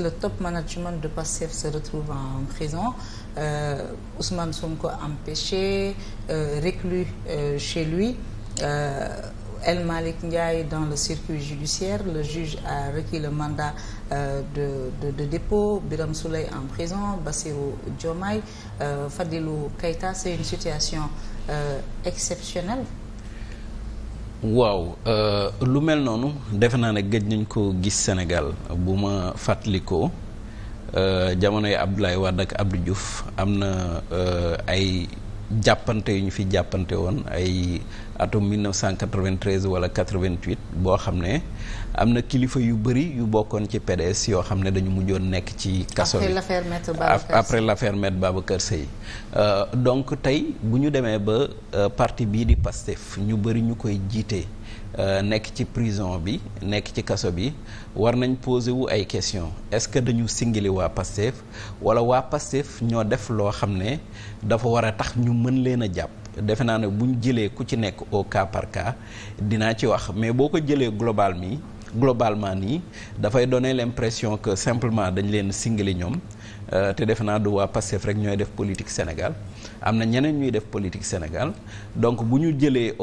que le top management de PASTEF se retrouve en prison usman euh, Ousmane Sonko empêché euh, reclus euh, chez lui euh, El Malick Ndiaye dans le circuit judiciaire le juge a requis le mandat euh, de, de de dépôt biram Souleye en prison Bassirou Diomaye Fadilou Keïta c'est une situation exceptionnelle waaw euh, lu mel noonu defe naa ne gëj nañ ko gis Sénégal bu ma fàttalikoo euh, yi Abdoulaye Wade ak Abdou Diouf am na euh, ay jàppante yu ñu fi jàppante woon ay atum 1993 wala 88 boo xam ne am na kilifa yu bëri yu bokkoon ci PDS yoo xam ne dañu mujjoon nekk ci kaso bi après l'affaire Maître Babacar Sèye euh, donc tey bu ñu demee ba euh, parti bii di Pastef ñu bëri ñu koy jiite euh, nekk ci prison bi nekk ci kaso bi war nañ poser wu ay question est-ce que dañu singili waa Pastef wala waa Pastef ñoo def loo xam ne dafa war a tax mën leen a jàpp defe naa ne buñ jëlee ku ci nekk au cas par dinaa ci wax mais boo ko jëlee global mi globalement nii dafay donner l'impression que simplement dañ leen singali ñoom euh, te defe naa du waa Pastef rek ñooy def politique Sénégal am na ñeneen ñuy def politique Sénégal donc bu ñu jëlee